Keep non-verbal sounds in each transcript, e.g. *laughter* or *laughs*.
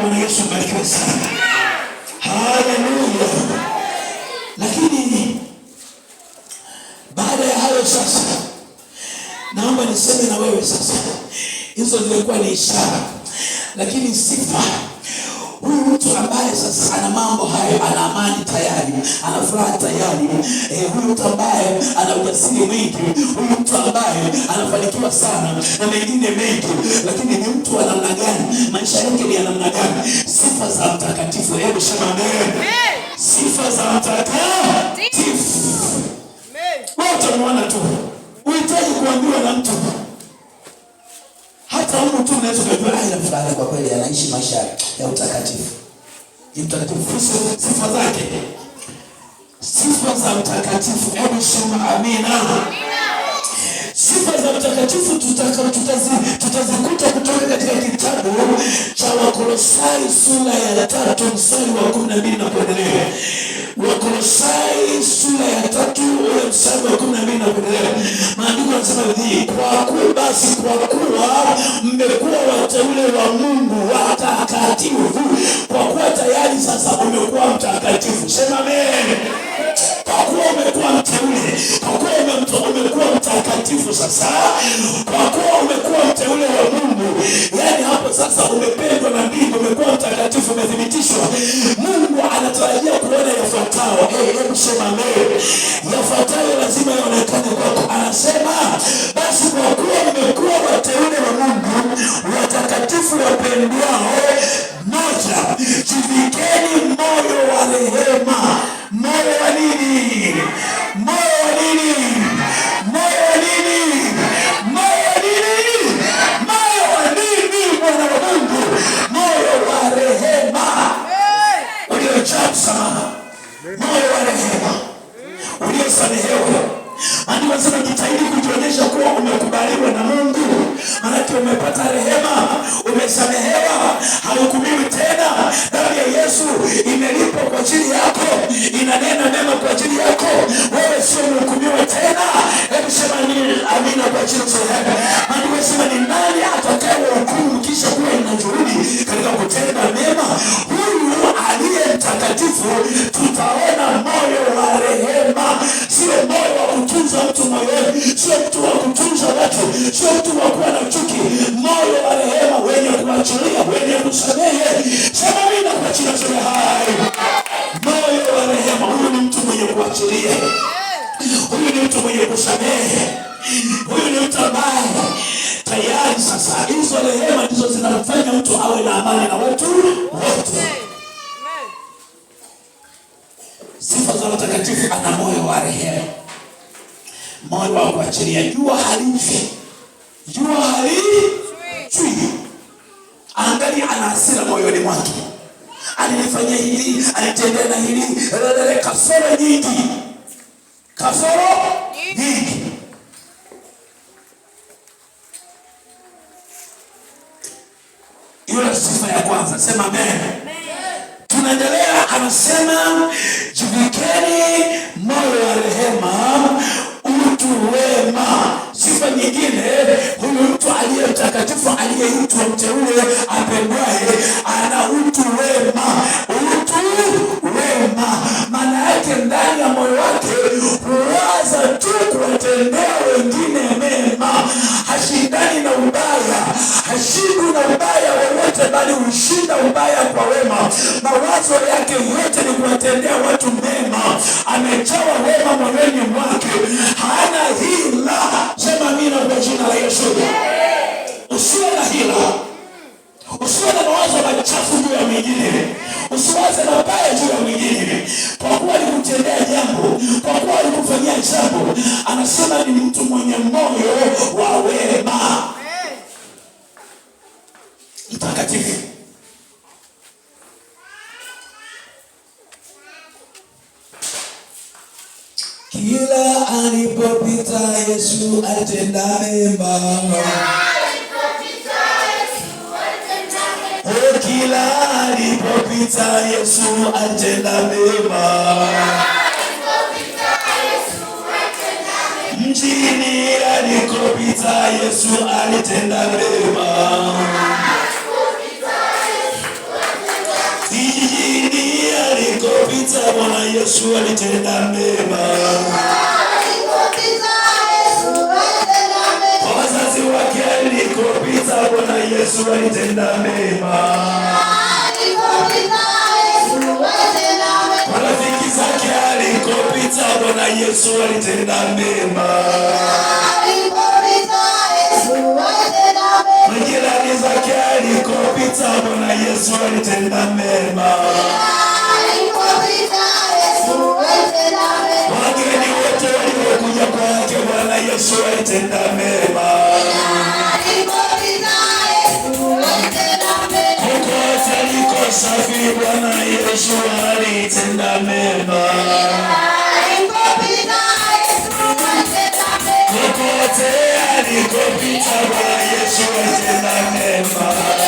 Bwana Yesu barikiwe sana. Haleluya. Lakini baada ya hayo sasa, naomba niseme na wewe sasa, hizo zilikuwa ni ishara, lakini sifa mtu ambaye sasa ana mambo hayo, ana amani tayari, ana furaha tayari. Eh, huyu mtu ambaye ana ujasiri mwingi, huyu mtu ambaye anafanikiwa sana na mengine mengi, lakini ni mtu wa namna gani? Maisha yake ni ya namna gani? Sifa za mtakatifu, hebu sema amen. Sifa za mtakatifu, Amen. wote mwana tu uhitaji kuambiwa na mtu hata mtu unaweza kujua, ila fulani kwa kweli anaishi maisha ya utakatifu. Mtakatifu sifa zake, sifa za mtakatifu. Hebu sema amina sifa za mtakatifu tutazikuta kutoka katika kitabu cha Wakolosai sura ya tatu mstari wa kumi na mbili na kuendelea. Wakolosai sura ya tatu ule mstari wa kumi na mbili na kuendelea, maandiko yanasema hivi: kwa kuwa basi, kwa kuwa mmekuwa wateule wa Mungu watakatifu, kwa kuwa tayari sasa umekuwa mtakatifu. Sema amen. Kwa kuwa umekuwa mteule umekuwa mtakatifu sasa, kwa kuwa umekuwa mteule wa Mungu. Yani hapo sasa umependwa na mbingu, umekuwa mtakatifu, umethibitishwa. Mungu anatarajia kuona yafuatayo. Hebu sema, yafuatayo lazima yaonekane kwako. Anasema amina kwa chanzo yako. Maandiko yanasema ni nani atakaye hukumu kisha kuwa inajurudi katika kutenda mema? Huyu aliye mtakatifu, tutaona moyo wa rehema, sio moyo wa kutunza mtu moyoni, sio mtu wa kutunza watu, sio mtu wa kuwa na chuki, moyo wa rehema, wenye kuachilia, wenye kusamehe. Sema amina kwa chanzo yako. kupambana na watu wote. Sifa za watakatifu, ana moyo wa rehema, moyo wa kuachilia. Jua halifi, jua halichwi. Angalia, ana hasira moyoni mwake, alinifanyia hili, alitendea na hili, kasoro nyingi, kasoro nyingi kwanza, sema amen. Tunaendelea, anasema jivikeni moyo wa rehema, utu wema. Sifa nyingine, huyu mtu aliye mtakatifu, aliyeitwa mteule, apendwaye, ana utu wema. Utu wema maana yake ndani ya moyo wake huwaza tu kuwatendea wengine hashindani na ubaya, hashindu na ubaya wowote, bali hushinda ubaya kwa wema. Mawazo yake yote ni kuwatendea watu mema, amejawa wema moyoni nagrywa Injili Bwana Yesu alitenda mema. Wazazi wake alikopita Bwana Yesu alitenda mema. Marafiki zake alikopita Bwana Yesu alitenda mema. Bwana Yesu alitenda mema. Wageni wote waliokuja kwake Bwana Yesu alitenda mema. Kokote alikosafiri Bwana Yesu alitenda mema. Kokote alikopita Bwana Yesu alitenda mema.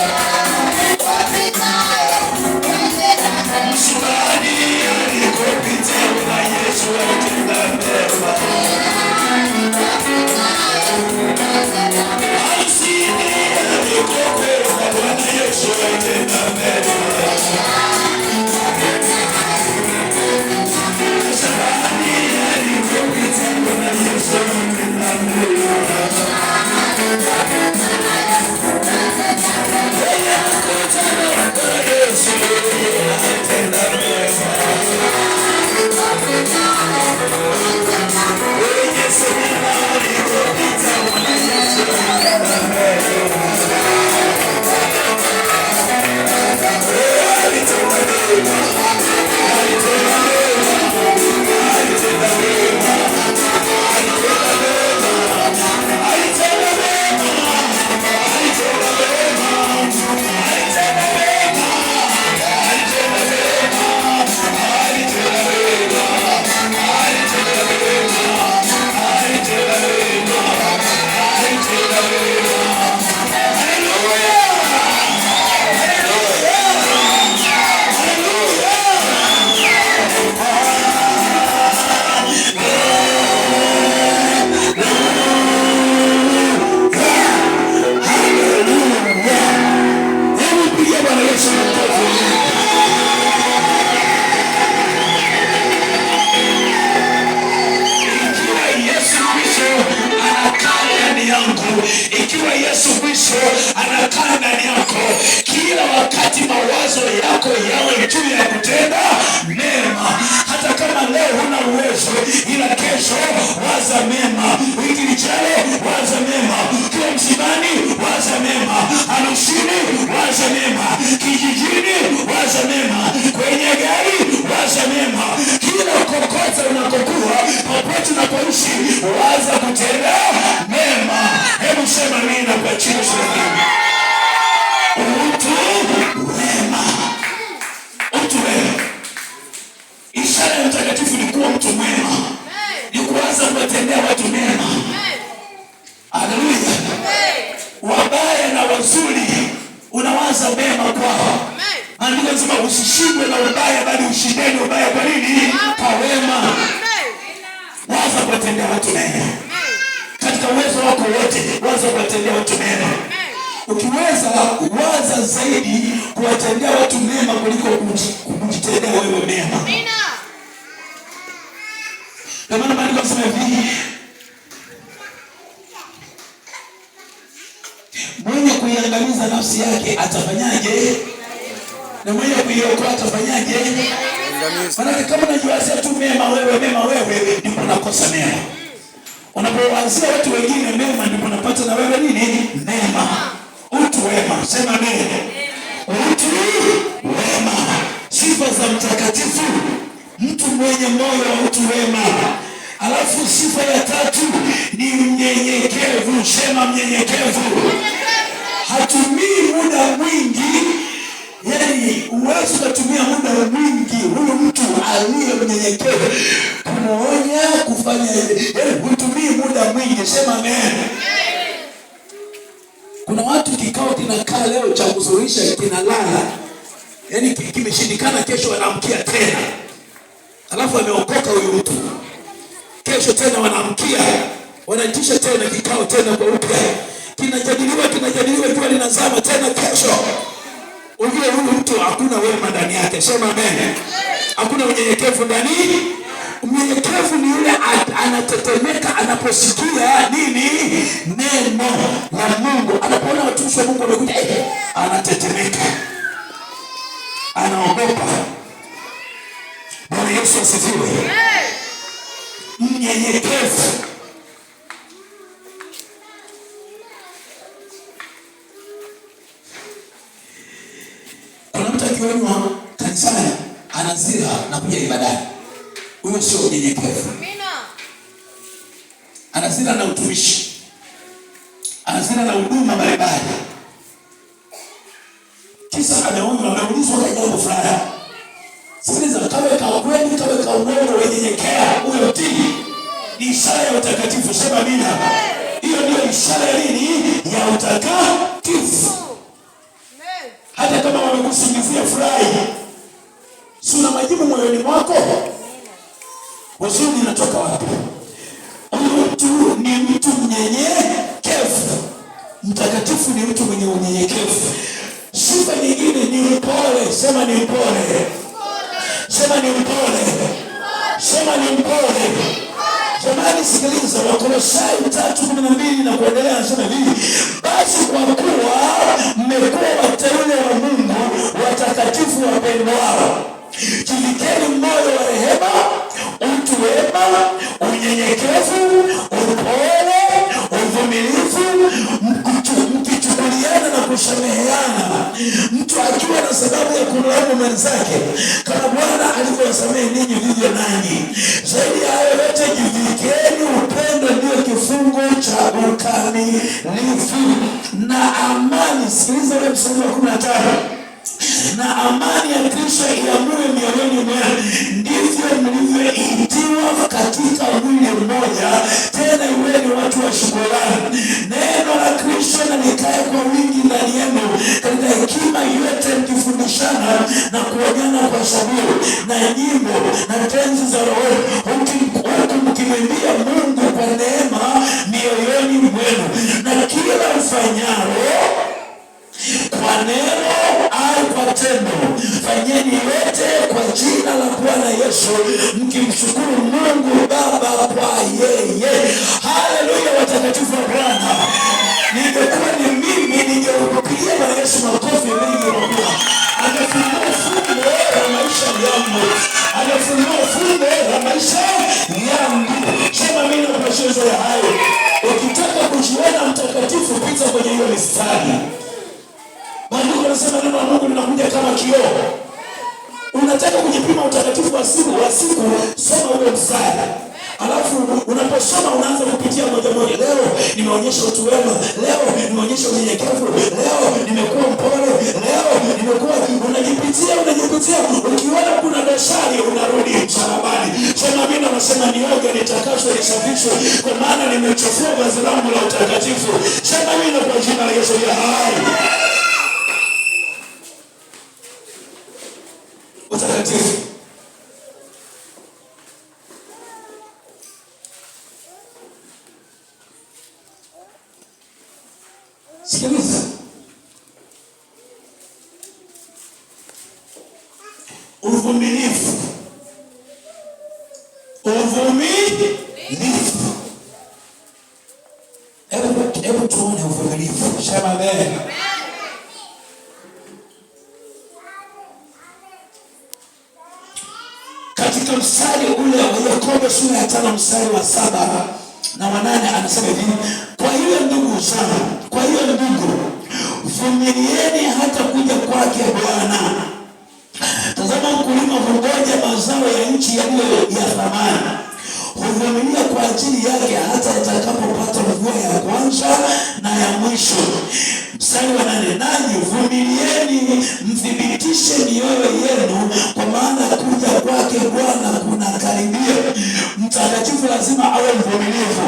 waza kutenda mema. Hebu sema mimi na kwa Mwenye kuiangamiza nafsi yake atafanyaje? Na mwenye kuiokoa atafanyaje? Maanake kama unajiwazia tu mema wewe, mema wewe, ndipo unakosa mema. Unapowazia watu wengine mema, ndipo unapata na wewe nini? Mema, utu wema. Sema mema, utu wema, sifa za mtakatifu, mtu mwenye moyo wa utu wema Alafu sifa ya tatu ni mnyenyekevu. Sema mnyenyekevu. Hatumii muda mwingi, yani uwezi ukatumia muda mwingi huyu mtu aliye mnyenyekevu kumwonya, kufanya yani hutumii muda mwingi. Sema amen. Kuna watu kikao kinakaa leo cha kuzurisha kinalala, yani kimeshindikana, kesho anamkia tena, alafu ameokoka huyu mtu Kesho tena wanaamkia wanaitisha tena kikao tena kwa upya, kinajadiliwa kinajadiliwa, jua linazama tena kesho. Ujue huyu mtu hakuna wema ndani yake, sema amen. Hakuna unyenyekevu ndani. Mnyenyekevu ni yule anatetemeka anaposikia nini, neno la Mungu, anapoona watumishi wa Mungu wamekuja, eh, anatetemeka, anaogopa. Bwana Yesu asifiwe mnyenyekevu. Kuna mtu akionywa kanisani anazira na kuja ibadani, huyo sio mnyenyekevu. Anazira na utumishi, anazira na huduma mbalimbali, kisa ameonywa, ameulizwa jambo fulani Sikiliza, kawe ka kweli, kawe ka uongo, wenyenyekea. Huyo tini ni ishara ya utakatifu. Sema amina. Hiyo ndio ishara ya nini? Ya utakatifu. Hata kama wamekusingizia, furahi, si una majibu moyoni mwako? Wazuri linatoka wapi? Mtu ni mtu mnyenyekevu. Mtakatifu ni mtu mwenye unyenyekevu. Sifa nyingine ni upole. Sema ni upole. Sema ni mpole, sema ni mpole. Jamani, sikiliza Wakolosai tatu kumi na mbili na kuendelea, nasema hivi matano, na amani ya Kristo iamue mioyoni mwenu, ndivyo mlivyoitiwa katika mwili mmoja, tena iweni watu wa shukrani. Neno la Kristo na likae kwa wingi ndani yenu, katika hekima yote, mkifundishana na kuonyana kwa saburi na nyimbo na tenzi za Roho, huku mkimwimbia Mungu kwa neema mioyoni mwenu, na kila mfanyalo Mlete kwa jina la Bwana Yesu, mkimshukuru Mungu Baba kwa yeye. Haleluya, watakatifu wa Bwana. Ningekuwa ni mimi, ningeupigia Bwana Yesu makofi mengi. Amefunua fungu la maisha yangu, amefunua fungu la maisha yangu. Sema mimi na mashezo ya hayo. Ukitaka kujiona mtakatifu, pita kwenye hiyo mistari. Maandiko yanasema neno la Mungu linakuja kama kioo unataka kujipima utakatifu wa siku wa siku, soma ule mstari alafu unaposoma unaanza kupitia moja moja. Leo nimeonyesha utu wema, leo nimeonyesha unyenyekevu, leo nimekuwa mpole, leo nimekuwa unajipitia, unajipitia. Ukiona kuna dosari unarudi msalabani, sema mimi nasema nioge, nitakaswe, nisafishwe, kwa maana nimechafua vazi langu la utakatifu. Sema mimi kwa jina la Yesu ya hai tatizo. Sikiliza, uvumilivu, uvumilivu. Hebu tuone uvumilivu, shema mbele sura ya tano mstari wa saba na wanane anasema hivi, kwa hiyo ndugu zangu, kwa hiyo ndugu, vumilieni hata kuja kwake Bwana. Tazama, mkulima hungoja mazao ya nchi yaliyo ya thamani huvumilia kwa ajili yake hata itakapopata mvua ya kwanza na ya mwisho. Mstari wa nane, nanyi vumilieni, mthibitishe mioyo yenu, kwa maana kuja kwake Bwana karibia. Mtakatifu lazima awe mvumilivu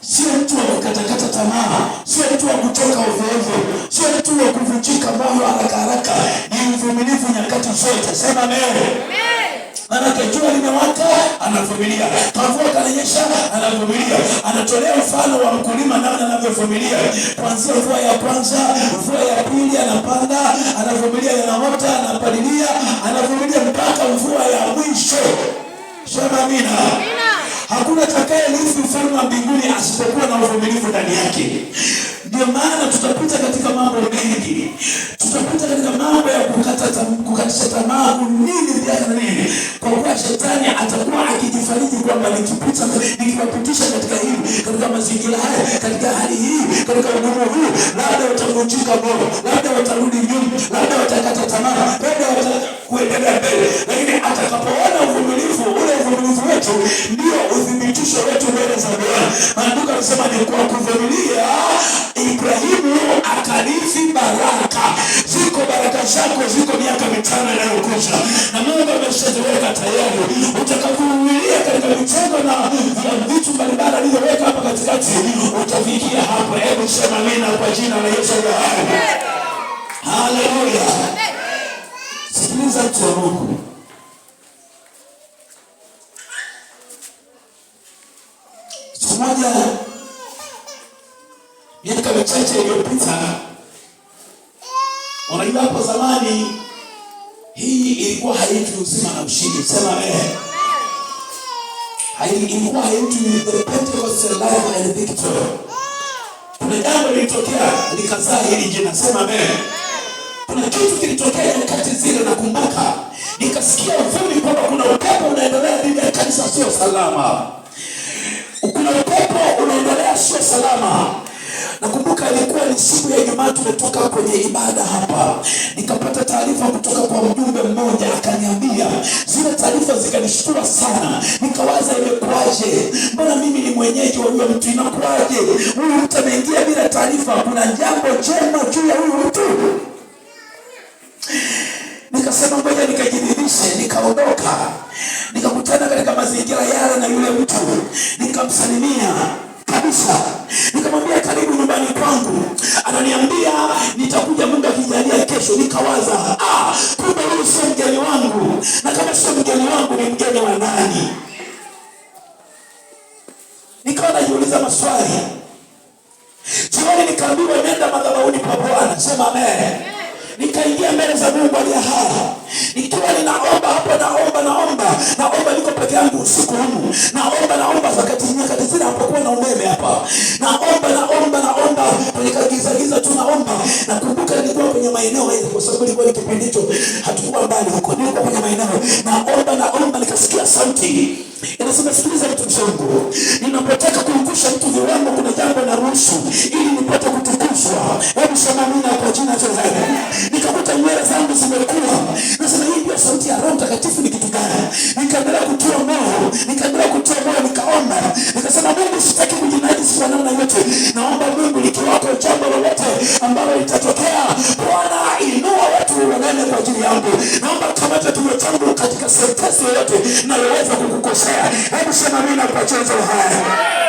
Sio mtu wa kukatakata tamaa, sio mtu wa kutoka ovyo sio mtu wa kuvunjika moyo haraka haraka. Ni mvumilivu nyakati zote. Sema neno manake jua limewaka, anavumilia. Mvua ikanyesha, anavumilia. Anatolea mfano wa mkulima namna anavyovumilia, kuanzia mvua ya kwanza, mvua ya pili, anapanda, anavumilia, yanaota, anapalilia, anavumilia mpaka mvua ya mwisho. Sema amina. Hakuna lifu mfalme wa mbinguni asipokuwa na uvumilivu ndani yake. Ndio maana tutapita katika mambo mengi tutakuta katika mambo ya kukatisha tamaa, nini vijana na nini, kwa kuwa shetani atakuwa akijifariji kwamba nikipita, nikiwapitisha katika hili, katika mazingira haya, katika hali hii, katika ugumu huu, labda watavunjika moyo, labda watarudi nyuma, labda watakata tamaa, labda watakuendelea mbele, lakini atakapoona uvumilivu ule uvumilivu wetu ndio uthibitisho wetu mbele za Bwana. Maandiko anasema ni kwa kuvumilia kutosha, na Mungu ameshaziweka tayari. Utakapovumilia katika mitego na vitu mbalimbali alivyoweka hapa katikati, utafikia hapo. Hebu sema amina kwa jina la Yesu. Haleluya. amen. tu uzima na ushindi. Sema amen. Hailiinua yetu ni the Pentecostal life and victory. Kuna jambo lilitokea likazaa hili jina. Sema amen. Kuna kitu kilitokea nyakati zile, nakumbuka nikasikia uvumi kwamba kuna upepo unaendelea dhidi ya kanisa, sio salama. Kuna upepo unaendelea, sio salama. Nakumbuka ilikuwa ni siku ya Ijumaa, tumetoka kwenye ibada hapa, nikapata taarifa kutoka kwa mjumbe mmoja, akaniambia zile taarifa zikanishtua sana. Nikawaza, imekuaje Mbona mimi ni mwenyeji wa huyo mtu, inakuaje huyu mtu ameingia bila taarifa? Kuna jambo jema juu ya huyu mtu. Nikasema moja nikajiridhishe, nikaondoka, nikakutana katika mazingira yale na yule mtu, nikamsalimia kabisa ananiambia nitakuja, Mungu akijalia kesho. Nikawaza, ah, kumbe huyu sio mgeni wangu, na kama sio mgeni wangu ni mgeni wa nani? Nikawa najiuliza maswali jioni, nikaambiwa nenda madhabauni pa Bwana. Sema amen nikaingia mbele za Mungu aliyehaa, nikiwa ninaomba hapo, naomba naomba naomba, niko peke yangu usiku huu, naomba naomba, wakati nyakati zile hapakuwa na umeme hapa, naomba naomba naomba, giza tu naomba. Nakumbuka nilikuwa kwenye maeneo hayo, kwa sababu nilikuwa ni kipindi hicho hatukuwa mbali huko, nilikuwa kwenye maeneo naomba naomba, nikasikia sauti inasema, sikiliza mtu wangu, ninapotaka kuangusha mtu viwango, kuna jambo naruhusu ili nipate kutukuzwa. Hebu sema amina kwa jina mtakatifu ni kitu gani? Nikaendelea kutia moyo, nikaendelea kutia moyo, nikaomba, nikasema, Mungu, sitaki kujinajisi kwa namna yote. Naomba Mungu, likiwapo jambo lolote ambalo litatokea, Bwana inua watu wanene kwa ajili yangu. Naomba kamata kinywa changu katika sentensi yoyote nayoweza kukukosea. Hebu sema mina kwa chanzo haya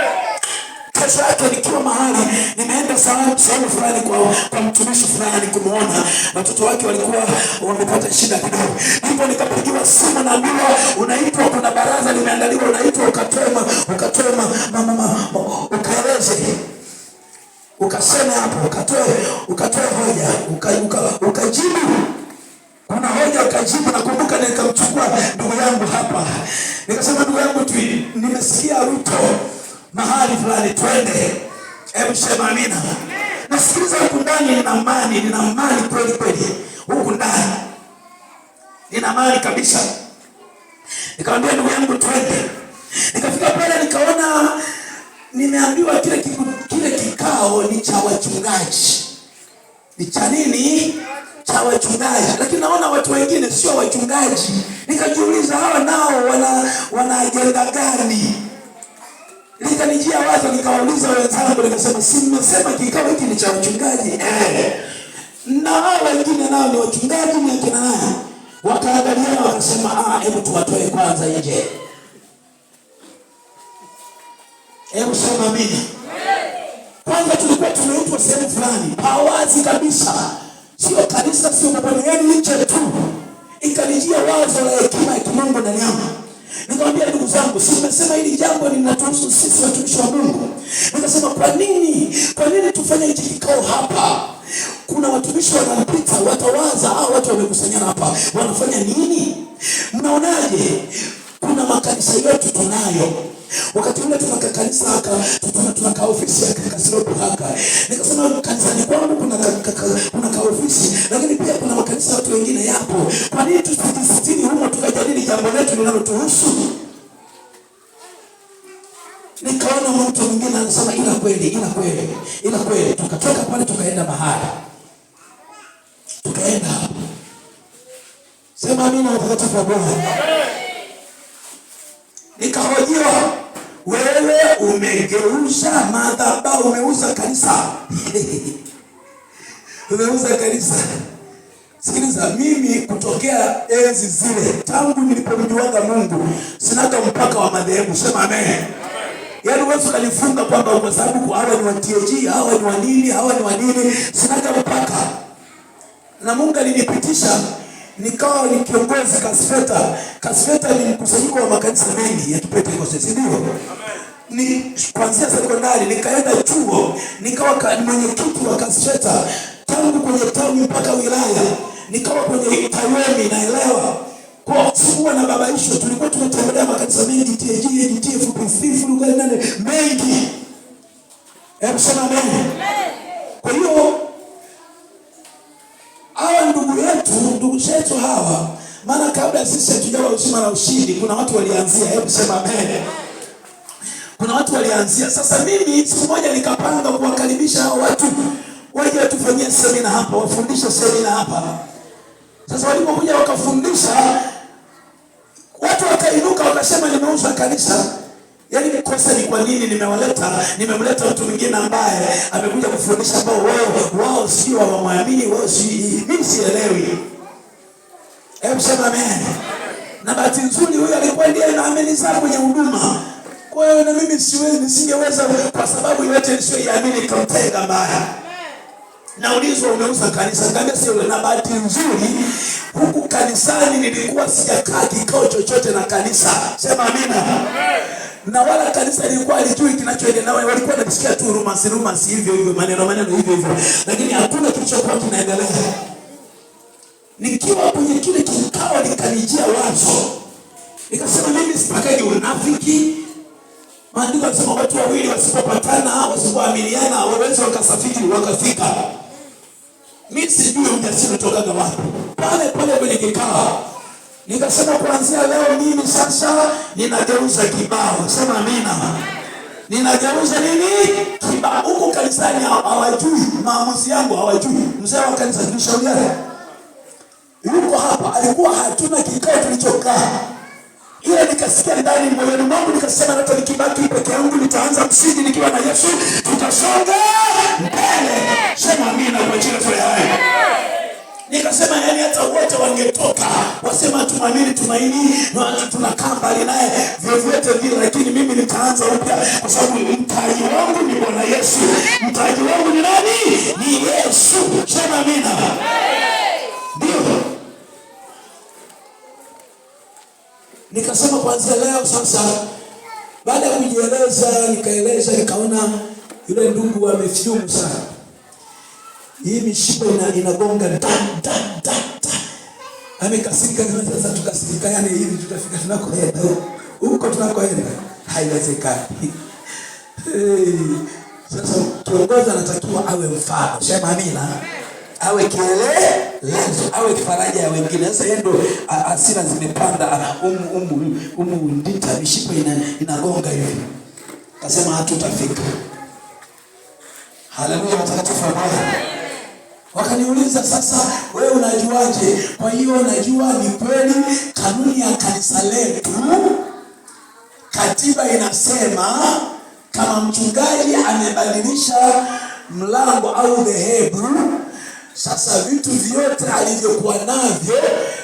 kesho yake nikiwa mahali nimeenda sehemu fulani kwa, kwa mtumishi fulani kumwona watoto wake walikuwa wamepata shida kidogo, ndipo nikapigiwa simu na ndio unaitwa, kuna baraza limeandaliwa, unaitwa ukatema ukatema mama ukaeleze ukasema hapo ukatoe ukatoe hoja ukajibu uka, uka kuna hoja ukajibu. Nakumbuka nikamchukua ndugu yangu hapa, nikasema ndugu yangu tu, nimesikia Ruto mahali fulani twende. Hebu sema amina. Nasikiliza huku ndani, nina mali, nina mali kweli kweli, huku ndani nina mali kabisa. Nikamwambia ndugu yangu twende. Nikafika pale nikaona, nimeambiwa kile kiku, kile kikao ni cha wachungaji, ni cha nini? Cha wachungaji, lakini naona watu wengine sio wachungaji. Nikajiuliza hawa nao wana wana ajenda gani? Nikanijia wazo nikawauliza wenzangu, nikasema si mmesema kikao hiki ni cha wachungaji eh. na hao wengine nao ni wachungaji na kina nani, wakaangalia wakasema, ah, hebu tuwatoe kwanza nje. Hebu sema mimi kwanza, tulikuwa tumeitwa sehemu fulani hawazi kabisa, sio kanisa, sio mabweni, nje tu, ikanijia wazo la hekima ya Kimungu ndani yangu Nikamwambia ndugu zangu, si umesema hili jambo linatuhusu sisi watumishi wa Mungu? Nikasema kwa nini, kwa nini tufanye hichi kikao hapa? Kuna watumishi wanapita, watawaza, au ah, watu wamekusanyana hapa wanafanya nini? Mnaonaje? Kuna makanisa yetu tunayo wakati ule tunaka kanisa haka tuna tunaka ofisi ya kasilotu haka, nikasema ni kwangu kuna kuna ka ofisi, lakini pia kuna makanisa watu wengine yapo. Kwa nini tusijisitini humo tukajadili jambo letu linalotuhusu? Nikaona mtu mwingine anasema ila kweli, ila kweli, ila kweli. Tukatoka pale tukaenda mahali tukaenda, sema amina, mtakatifu wa Bwana. umegeuza madhabahu, umeuza kanisa *laughs* umeuza kanisa. Sikiliza, mimi kutokea enzi zile, tangu nilipomjuaga Mungu sinaga mpaka wa madhehebu. Sema amen. Yaani wewe ukalifunga kwamba kwa sababu hawa ni wa TG, hawa ni wa nini, hawa ni wa nini, sinaga mpaka. Na Mungu alinipitisha nikawa ni kiongozi Kasfeta. Kasfeta ni mkusanyiko wa makanisa mengi ya Kipentekoste, si ndio? ni kuanzia sekondari nikaenda chuo nikawa mwenyekiti wa kasheta tangu kwenye tawi mpaka wilaya, nikawa kwenye tayemi naelewa kwa sikuwa na baba isho Tulikuwa tumetembelea makanisa mengi TAG, TFPC, fulugali nane mengi, hebu sema amen. Kwa hiyo hawa ndugu yetu ndugu zetu hawa, maana kabla sisi hatujawa uzima na ushindi, kuna watu walianzia, hebu sema amen. Kuna watu walianzia. Sasa mimi siku moja nikapanga kuwakaribisha hao watu waje watufanyie semina hapa, wafundishe semina hapa. Sasa walipokuja wakafundisha, watu wakainuka, wakasema nimeuza kanisa. Yaani kosa ni kwa nini nimewaleta? Nimemleta mtu mwingine ambaye amekuja kufundisha ambao wao wao si wa hawamwamini, wao si mimi sielewi. Hebu sema amen. Na bahati nzuri huyo alikuwa ndiye na sana kwenye huduma. Kwa hiyo na mimi siwezi, nisingeweza kwa sababu yote nisiyoiamini ikamtenga mbaya. Naulizwa, umeuza kanisa? ngambia? sio, na bahati nzuri huku kanisani nilikuwa sijakaa kikao chochote na kanisa. Sema amina na wala kanisa lilikuwa halijui kinachoendelea, walikuwa wanasikia tu rumasi rumasi hivyo hivyo, maneno maneno hivyo hivyo, lakini hakuna kilichokuwa kinaendelea. Nikiwa kwenye kile kikao, nikanijia wazo, nikasema mimi sipakaji unafiki Maandiko yanasema watu wawili wasipopatana, wasipoamiliana hawawezi wakasafiri wakafika. Mimi sijui ujasiri utokaga wapi. Pale pale kwenye kikao nikasema, kuanzia leo mimi sasa ninageuza kibao. Sema amina. Ninageuza nini? Kibao. Huko kanisani hawajui maamuzi yangu, hawajui. Mzee wa kanisa tulishauriana. Yuko hapa alikuwa hatuna kikao tulichokaa ile nikasikia ndani moyoni mwangu, nikasema hata nikibaki peke yangu nitaanza msingi nikiwa na Yesu, tutasonga mbele. Sema amina kwa jina la Yesu. Nikasema yani hata wote wangetoka wasema tumamini tumaini na tunakaa mbali naye vyovyote vile, lakini mimi nitaanza upya, kwa sababu mtaji wangu ni Bwana Yesu. Mtaji wangu ni nani? Ni Yesu. Sema amina. Nikasema kuanzia leo sasa, baada ya kujieleza, nikaeleza, nikaona yule ndugu amefyumu sana, hii mishipa ina, inagonga da da da da, amekasirika. Sasa tukasirika, yani hivi tutafika tunakoenda huko, tunakoenda haiwezekani. *laughs* Hey, sasa kiongozi anatakiwa awe mfano. Sema amina awe kielelezo, awe faraja ya wengine. Sasa yeye ndo hasira zimepanda umu umu ndita mishipa ina, inagonga hivi, kasema hatutafika. Haleluya, watakatifu wa Wakaniuliza, sasa wewe unajuaje? Kwa hiyo najua ni kweli, kanuni ya kanisa letu, katiba inasema kama mchungaji amebadilisha mlango au dhehebu sasa vitu vyote alivyokuwa navyo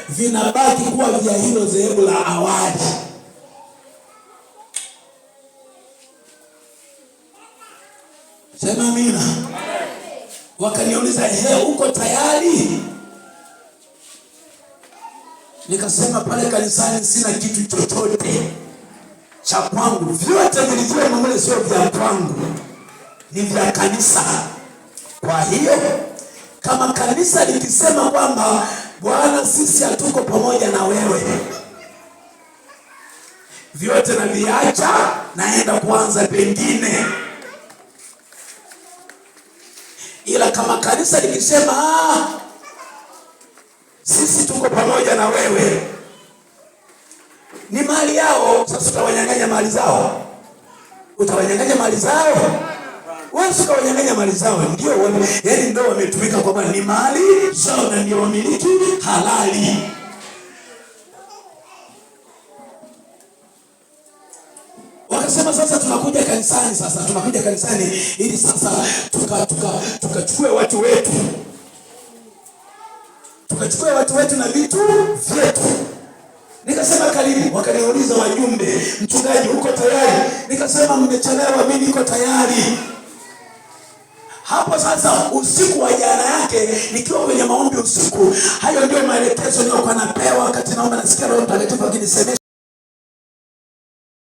vinabaki kuwa vya hilo dhehebu la awali. Sema amina. Wakaniuliza, he, uko tayari? Nikasema pale kanisani sina kitu chochote cha kwangu, vyote vilivyomo mle sio vya kwangu, ni vya kanisa. Kwa hiyo kama kanisa likisema kwamba Bwana, sisi hatuko pamoja na wewe, vyote naviacha, naenda kuanza pengine. Ila kama kanisa likisema ah, sisi tuko pamoja na wewe, ni mali yao. Sasa utawanyang'anya mali zao, utawanyang'anya mali zao Wezi wanyang'anya mali zao, ndio yaani ndio wametumika kwamba ni mali zao na ndio wamiliki halali. Wakasema sasa tunakuja kanisani, sasa tunakuja kanisani ili sasa tukachukue tuka, tuka watu wetu tukachukue watu wetu na vitu vyetu. Nikasema karibu. Wakaniuliza wajumbe, mchungaji, uko tayari? Nikasema mmechelewa, mimi niko tayari hapo sasa, usiku wa jana yake nikiwa kwenye maombi usiku, hayo ndio maelekezo niliyokuwa napewa wakati naomba, nasikia Roho Mtakatifu akinisemesha